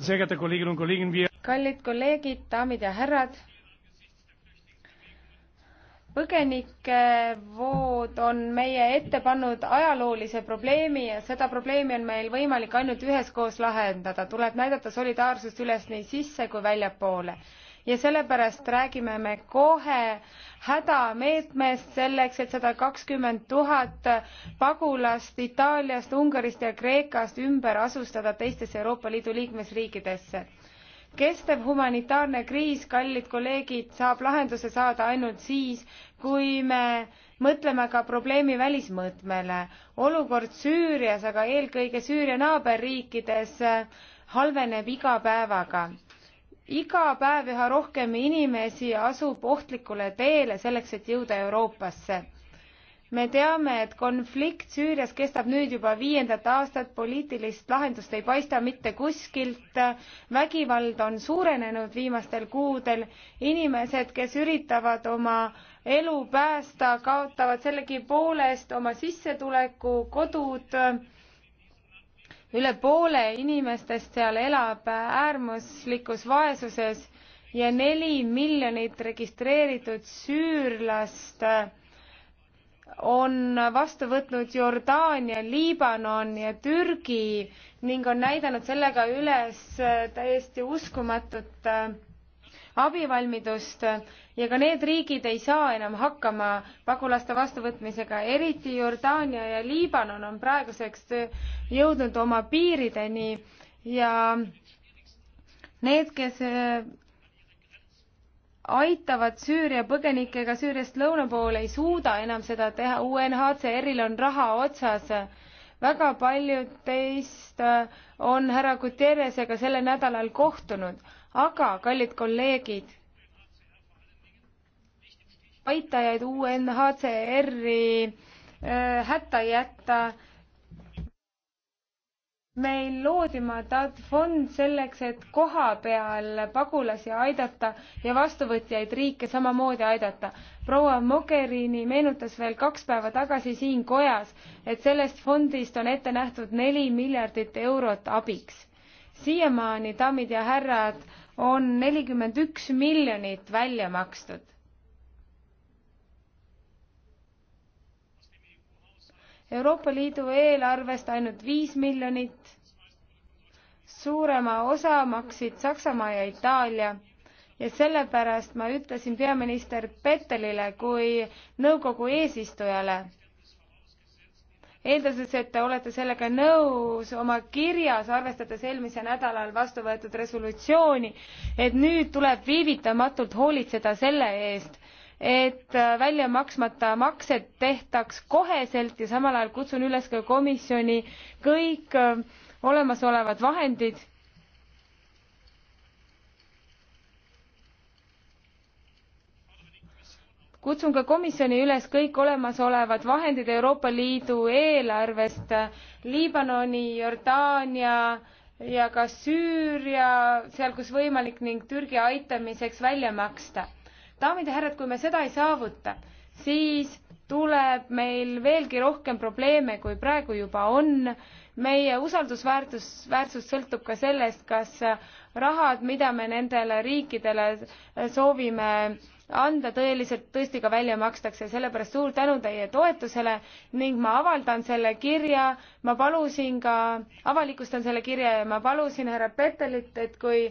sõbrad. kallid kolleegid, daamid ja härrad. põgenikevood on meie ette pannud ajaloolise probleemi ja seda probleemi on meil võimalik ainult üheskoos lahendada. tuleb näidata solidaarsust üles nii sisse kui väljapoole ja sellepärast räägime me kohe hädameetmest selleks, et sada kakskümmend tuhat pagulast Itaaliast, Ungarist ja Kreekast ümber asustada teistesse Euroopa Liidu liikmesriikidesse. kestev humanitaarne kriis, kallid kolleegid, saab lahenduse saada ainult siis, kui me mõtleme ka probleemi välismõõtmele. olukord Süürias, aga eelkõige Süüria naaberriikides halveneb iga päevaga iga päev üha rohkem inimesi asub ohtlikule teele selleks, et jõuda Euroopasse. me teame, et konflikt Süürias kestab nüüd juba viiendat aastat, poliitilist lahendust ei paista mitte kuskilt, vägivald on suurenenud viimastel kuudel, inimesed, kes üritavad oma elu päästa, kaotavad sellegipoolest oma sissetuleku, kodud üle poole inimestest seal elab äärmuslikus vaesuses ja neli miljonit registreeritud süürlast on vastu võtnud Jordaania, Liibanon ja Türgi ning on näidanud sellega üles täiesti uskumatut abivalmidust ja ka need riigid ei saa enam hakkama pagulaste vastuvõtmisega, eriti Jordaania ja Liibanon on praeguseks jõudnud oma piirideni ja need, kes äh, aitavad Süüria põgenikega Süüriast lõuna poole, ei suuda enam seda teha, UNHCR-il on raha otsas. väga paljud teist äh, on härra Guterresega sellel nädalal kohtunud aga, kallid kolleegid, aitajaid UNHCR-i äh, hätta jätta. meil loodi mandaat fond selleks, et koha peal pagulasi aidata ja vastuvõtjaid riike samamoodi aidata. proua Mogherini meenutas veel kaks päeva tagasi siin kojas, et sellest fondist on ette nähtud neli miljardit eurot abiks. siiamaani, daamid ja härrad on nelikümmend üks miljonit välja makstud. Euroopa Liidu eelarvest ainult viis miljonit. suurema osa maksid Saksamaa ja Itaalia ja sellepärast ma ütlesin peaminister Pettelile kui nõukogu eesistujale eeldades, et te olete sellega nõus oma kirjas, arvestades eelmisel nädalal vastu võetud resolutsiooni, et nüüd tuleb viivitamatult hoolitseda selle eest, et äh, välja maksmata maksed tehtaks koheselt ja samal ajal kutsun üles ka komisjoni kõik äh, olemasolevad vahendid kutsun ka komisjoni üles kõik olemasolevad vahendid Euroopa Liidu eelarvest Liibanoni, Jordaania ja ka Süüria, seal kus võimalik, ning Türgi aitamiseks välja maksta. daamid ja härrad, kui me seda ei saavuta, siis tuleb meil veelgi rohkem probleeme, kui praegu juba on meie usaldusväärtus, väärtus sõltub ka sellest, kas rahad, mida me nendele riikidele äh, soovime anda, tõeliselt tõesti ka välja makstakse, sellepärast suur tänu teie toetusele ning ma avaldan selle kirja, ma palusin ka, avalikustan selle kirja ja ma palusin härra Petelit, et kui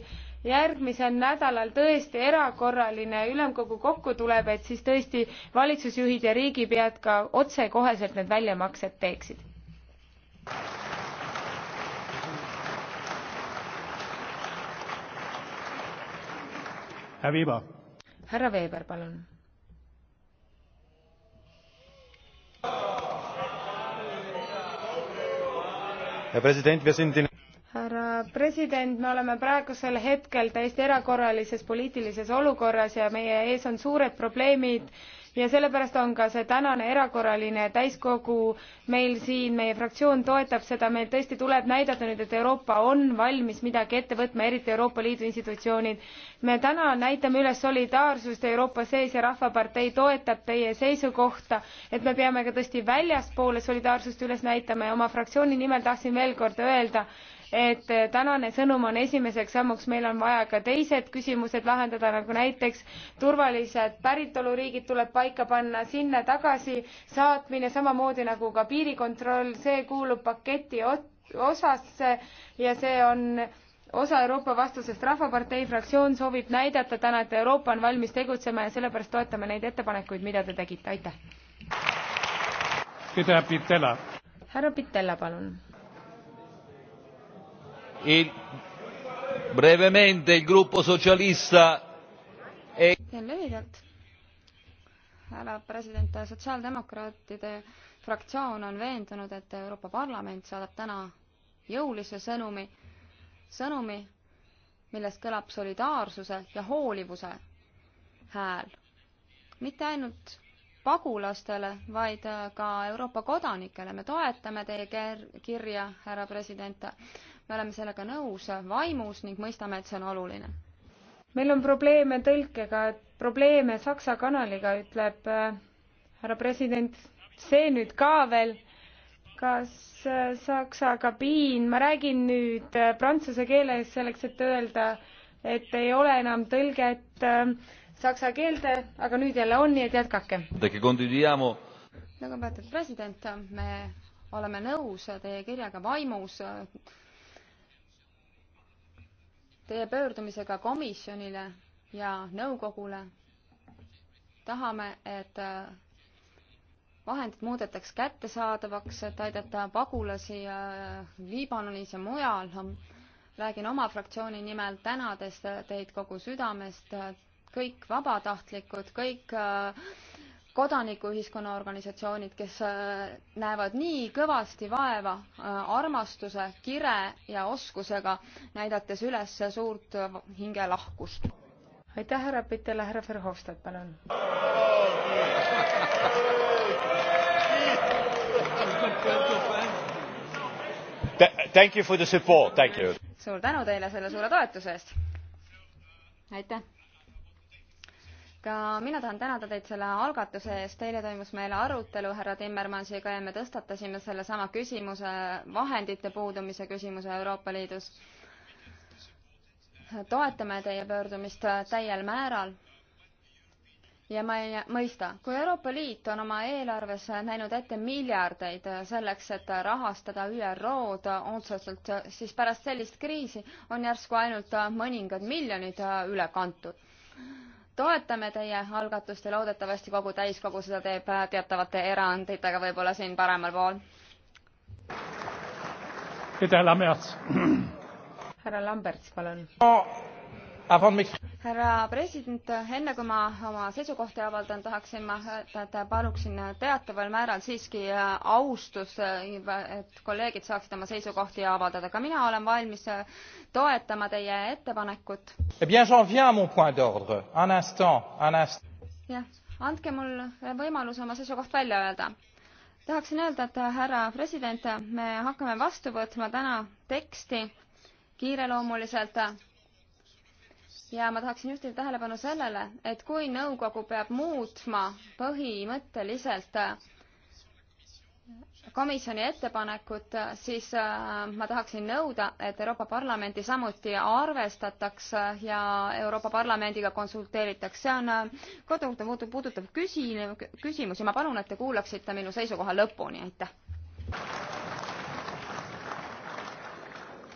järgmisel nädalal tõesti erakorraline ülemkogu kokku tuleb, et siis tõesti valitsusjuhid ja riigipead ka otsekoheselt need väljamaksed teeksid. härra Viiba. härra Veeber, palun. härra president, in... me oleme praegusel hetkel täiesti erakorralises poliitilises olukorras ja meie ees on suured probleemid ja sellepärast on ka see tänane erakorraline täiskogu meil siin, meie fraktsioon toetab seda, meil tõesti tuleb näidata nüüd, et Euroopa on valmis midagi ette võtma, eriti Euroopa Liidu institutsioonid. me täna näitame üles solidaarsust Euroopa sees ja Rahvapartei toetab teie seisukohta, et me peame ka tõesti väljaspoole solidaarsust üles näitama ja oma fraktsiooni nimel tahtsin veel kord öelda, et eh, tänane sõnum on esimeseks sammuks, meil on vaja ka teised küsimused lahendada, nagu näiteks turvalised päritoluriigid tuleb paika panna, sinna tagasi saatmine, samamoodi nagu ka piirikontroll, see kuulub paketi osasse ja see on osa Euroopa vastusest. rahvapartei fraktsioon soovib näidata täna, et Euroopa on valmis tegutsema ja sellepärast toetame neid ettepanekuid, mida te tegite, aitäh. härra Pitella, palun Il, e brevemente il gruppo socialista e... teen lühidalt. härra president, sotsiaaldemokraatide fraktsioon on veendunud, et Euroopa Parlament saadab täna jõulise sõnumi, sõnumi, milles kõlab solidaarsuse ja hoolivuse hääl. mitte ainult pagulastele, vaid ka Euroopa kodanikele. me toetame teie kirja, härra president me oleme sellega nõus vaimus ning mõistame, et see on oluline. meil on probleeme tõlkega, probleeme Saksa kanaliga, ütleb äh, härra president, see nüüd ka veel, kas äh, Saksa kabiin, ma räägin nüüd äh, prantsuse keeles selleks, et öelda, et ei ole enam tõlget saksa keelde, aga nüüd jälle on, nii et jätkake. lugupeetud president, me oleme nõus teie kirjaga vaimus Teie pöördumisega komisjonile ja nõukogule tahame, et äh, vahendid muudetaks kättesaadavaks, et aidata pagulasi äh, Liibanonis ja mujal. räägin oma fraktsiooni nimel, tänades teid kogu südamest, äh, kõik vabatahtlikud, kõik äh, kodanikuühiskonna organisatsioonid, kes äh, näevad nii kõvasti vaeva äh, armastuse, kire ja oskusega, näidates üles suurt hingelahkust. aitäh, härra Pitele, härra Verhofstadt, palun. Thank you for the support, thank you. suur tänu teile selle suure toetuse eest. aitäh ka mina tahan tänada teid selle algatuse eest, eile toimus meil arutelu härra Timmermansiga ja me tõstatasime sellesama küsimuse, vahendite puudumise küsimuse Euroopa Liidus. toetame teie pöördumist täiel määral ja ma ei mõista, kui Euroopa Liit on oma eelarves näinud ette miljardeid selleks, et rahastada ÜRO-d otseselt, siis pärast sellist kriisi on järsku ainult mõningad miljonid üle kantud toetame teie algatust ja loodetavasti kogu täiskogu seda teeb äh, teatavate eranditega võib-olla siin paremal pool. härra Lamberts, palun härra president, enne kui ma oma seisukohti avaldan, tahaksin ma öelda, et paluksin teataval määral siiski austust, et kolleegid saaksid oma seisukohti avaldada. ka mina olen valmis toetama teie ettepanekut. Eh jah, andke mul võimalus oma seisukoht välja öelda tahaksin öelda, et härra president, me hakkame vastu võtma täna teksti kiireloomuliselt ja ma tahaksin juhtida tähelepanu sellele, et kui nõukogu peab muutma põhimõtteliselt äh, komisjoni ettepanekut, äh, siis äh, ma tahaksin nõuda, et Euroopa Parlamenti samuti arvestataks ja Euroopa Parlamendiga konsulteeritaks. see on kodukorda puudutav küsi-, küsimus ja ma palun, et te kuulaksite minu seisukoha lõpuni, aitäh.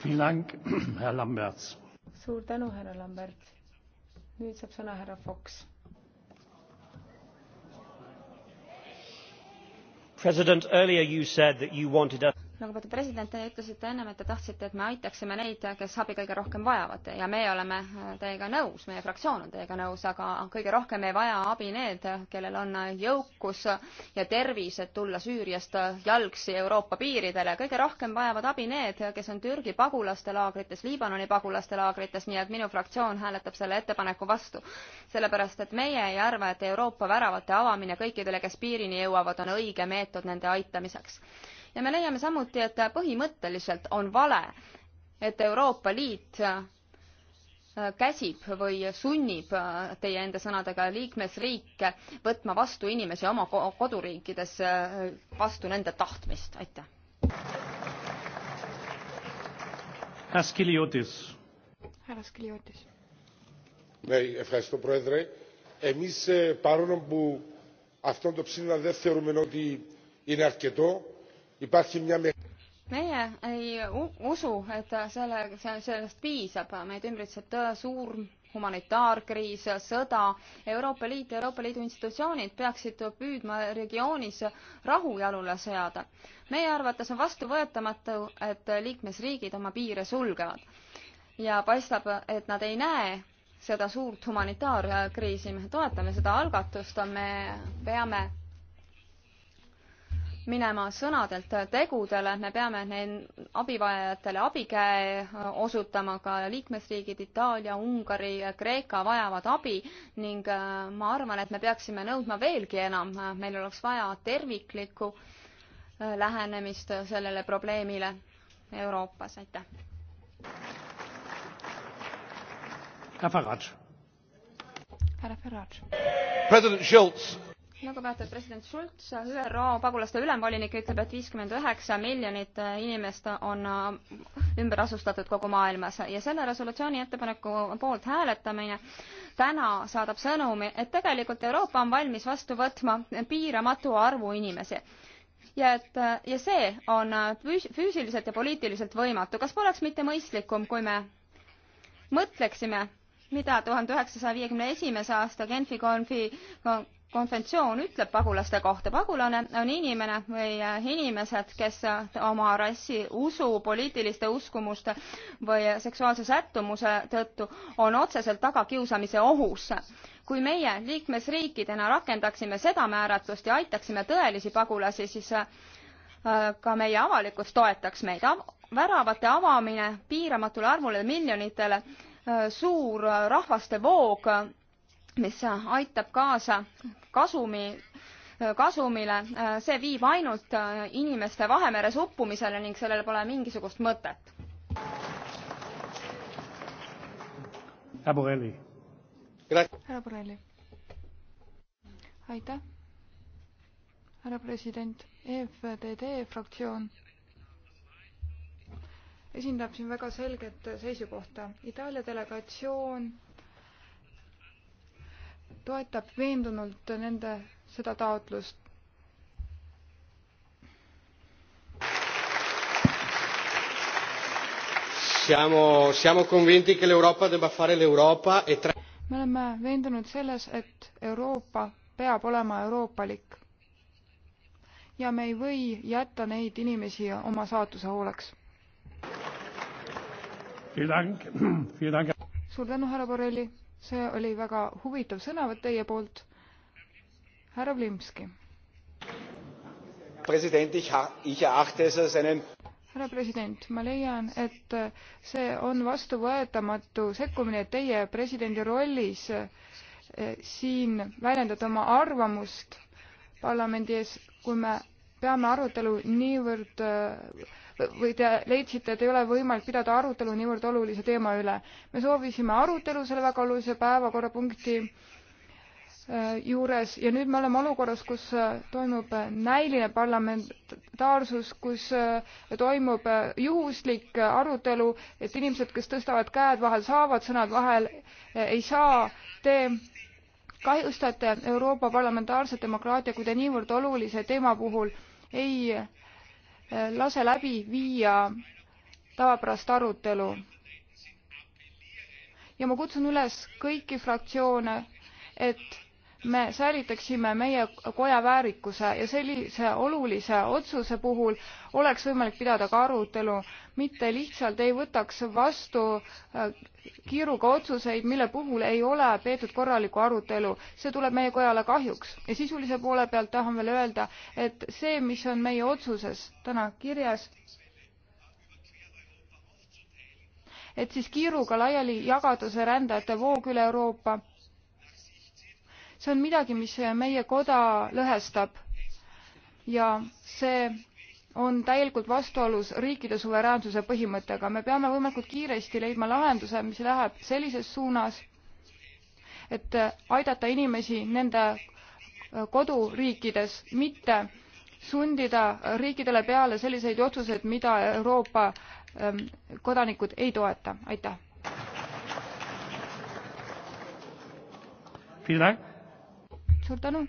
Vielen Dank, Herr Lamberts suur tänu, härra Lambert. nüüd saab sõna härra Fox. president, earlier you said that you wanted us lugupeetud president, te ütlesite ennem, et te tahtsite, et me aitaksime neid, kes abi kõige rohkem vajavad ja meie oleme äh, teiega nõus, meie fraktsioon on teiega nõus, aga kõige rohkem ei vaja abi need, kellel on äh, jõukus ja tervis, et tulla Süüriast äh, jalgsi Euroopa piiridele. kõige rohkem vajavad abi need, kes on Türgi pagulaste laagrites, Liibanoni pagulaste laagrites, nii et minu fraktsioon hääletab selle ettepaneku vastu. sellepärast, et meie ei arva, et Euroopa väravate avamine kõikidele, kes piirini jõuavad, on õige meetod nende aitamiseks ja me leiame samuti, et põhimõtteliselt on vale, et Euroopa Liit äh, käsib või sunnib äh, teie enda sõnadega liikmesriike võtma vastu inimesi oma koduriikides äh, vastu nende tahtmist, aitäh. härra Skiliotis. Ευχαριστώ Πρόεδρε. Εμείς παρόλο που αυτό το ψήφισμα δεν θεωρούμε ότι είναι αρκετό, meie ei usu, et selle, sellest piisab, meid ümbritseb suur humanitaarkriis, sõda. Euroopa Liit ja Euroopa Liidu institutsioonid peaksid püüdma regioonis rahu jalule seada. meie arvates on vastuvõetamatu, et liikmesriigid oma piire sulgevad ja paistab, et nad ei näe seda suurt humanitaarkriisi, me toetame seda algatust, me peame minema sõnadelt tegudele, me peame neil abivajajatele abikäe äh, osutama, ka liikmesriigid Itaalia, Ungari, Kreeka vajavad abi ning äh, ma arvan, et me peaksime nõudma veelgi enam, äh, meil oleks vaja terviklikku lähenemist sellele probleemile Euroopas, aitäh. härra Farage. president Schulz lugupeetud nagu president Schulz, ÜRO pagulaste ülemvolinik ütleb, et viiskümmend üheksa miljonit äh, inimest on äh, ümber asustatud kogu maailmas ja selle resolutsiooni ettepaneku poolt hääletamine täna saadab sõnumi, et tegelikult Euroopa on valmis vastu võtma piiramatu arvu inimesi ja et äh, ja see on füüsiliselt ja poliitiliselt võimatu. kas poleks mitte mõistlikum, kui me mõtleksime, mida tuhande üheksasaja viiekümne esimese aasta Genfi konfi konventsioon ütleb pagulaste kohta, pagulane on inimene või äh, inimesed, kes äh, oma rassi, usu, poliitiliste uskumuste või seksuaalse sättumuse tõttu on otseselt tagakiusamise ohus. kui meie liikmesriikidena rakendaksime seda määratlust ja aitaksime tõelisi pagulasi, siis äh, ka meie avalikkus toetaks meid. väravate avamine piiramatule arvule miljonitele, suur rahvaste voog mis äh, aitab kaasa kasumi äh, kasumile, äh, see viib ainult inimeste Vahemeres uppumisele ning sellel pole mingisugust mõtet. härra Borrelli. härra Borrelli. aitäh, härra president. EFTD fraktsioon esindab siin väga selget seisukohta. Itaalia delegatsioon toetab veendunult nende, seda taotlust. Siamo, siamo convinti che l'Europa debba fare l'Europa e tra... me oleme veendunud selles, et Euroopa peab olema euroopalik. ja me ei või jätta neid inimesi oma saatuse hooleks. suur tänu, härra Borrelli see oli väga huvitav sõnavõtt teie poolt. härra Vlimski. president, ich erachte es als einen härra president, ma leian, et see on vastuvõetamatu sekkumine teie presidendi rollis eh, siin väljendada oma arvamust parlamendi ees, kui me peame arutelu niivõrd eh, või te leidsite, et ei ole võimalik pidada arutelu niivõrd olulise teema üle. me soovisime arutelu selle väga olulise päevakorrapunkti äh, juures ja nüüd me oleme olukorras, kus äh, toimub äh, näiline parlamentaarsus, kus toimub juhuslik arutelu, et inimesed, kes tõstavad käed vahel, saavad sõnad vahel, ei saa. Te kahjustate Euroopa parlamentaarset demokraatia, kui te niivõrd olulise teema puhul ei lase läbi viia tavapärast arutelu. ja ma kutsun üles kõiki fraktsioone, et me säilitaksime meie koja väärikuse ja sellise olulise otsuse puhul oleks võimalik pidada ka arutelu, mitte lihtsalt ei võtaks vastu äh, kiiruga otsuseid, mille puhul ei ole peetud korralikku arutelu. see tuleb meie kojale kahjuks. ja sisulise poole pealt tahan veel öelda, et see, mis on meie otsuses täna kirjas, et siis kiiruga laiali jagada see rändajate voog üle Euroopa see on midagi, mis meie koda lõhestab ja see on täielikult vastuolus riikide suveräänsuse põhimõttega. me peame võimalikult kiiresti leidma lahenduse, mis läheb sellises suunas, et aidata inimesi nende koduriikides, mitte sundida riikidele peale selliseid otsuseid, mida Euroopa ähm, kodanikud ei toeta. aitäh! suur tänu.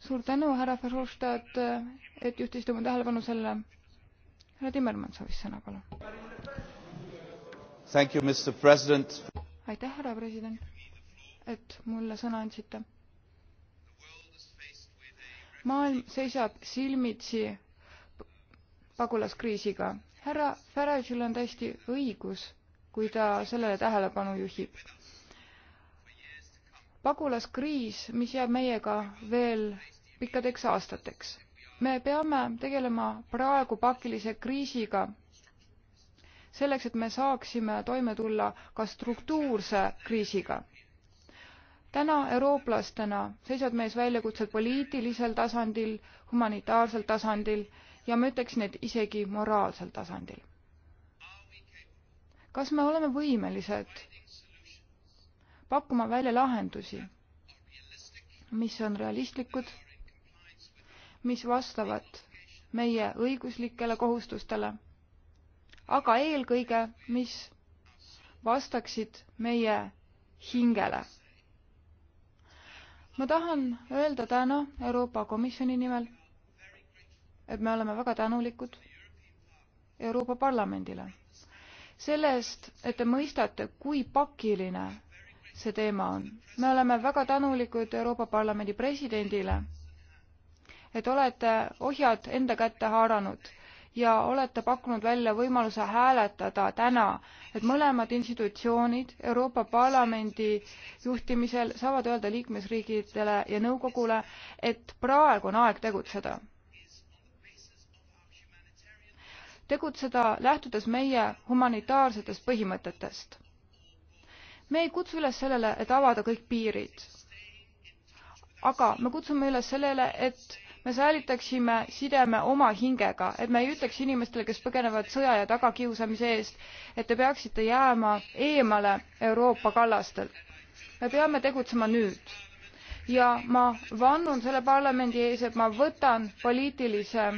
suur tänu, härra Verhofstadt, et juhtisite oma tähelepanu selle. härra Timmermann soovis sõna, palun. aitäh, härra president, et mulle sõna andsite. maailm seisab silmitsi pagulaskriisiga. härra Farage'il on täiesti õigus kui ta sellele tähelepanu juhib. pagulaskriis, mis jääb meiega veel pikkadeks aastateks. me peame tegelema praegu pakilise kriisiga, selleks et me saaksime toime tulla ka struktuurse kriisiga täna eurooplastena seisavad meie ees väljakutsed poliitilisel tasandil humanitaarsel tasandil ja ma ütleksin et isegi moraalsel tasandil kas me oleme võimelised pakkuma välja lahendusi, mis on realistlikud, mis vastavad meie õiguslikele kohustustele, aga eelkõige, mis vastaksid meie hingele. ma tahan öelda täna Euroopa Komisjoni nimel, et me oleme väga tänulikud Euroopa Parlamendile selle eest, et te mõistate, kui pakiline see teema on. me oleme väga tänulikud Euroopa Parlamendi presidendile, et olete ohjad enda kätte haaranud ja olete pakkunud välja võimaluse hääletada täna, et mõlemad institutsioonid Euroopa Parlamendi juhtimisel saavad öelda liikmesriikidele ja nõukogule, et praegu on aeg tegutseda tegutseda lähtudes meie humanitaarsetest põhimõtetest. me ei kutsu üles sellele, et avada kõik piirid. aga me kutsume üles sellele, et me säilitaksime sideme oma hingega, et me ei ütleks inimestele, kes põgenevad sõja ja tagakiusamise eest, et te peaksite jääma eemale Euroopa kallastelt. me peame tegutsema nüüd. ja ma vannun selle parlamendi ees, et ma võtan poliitilise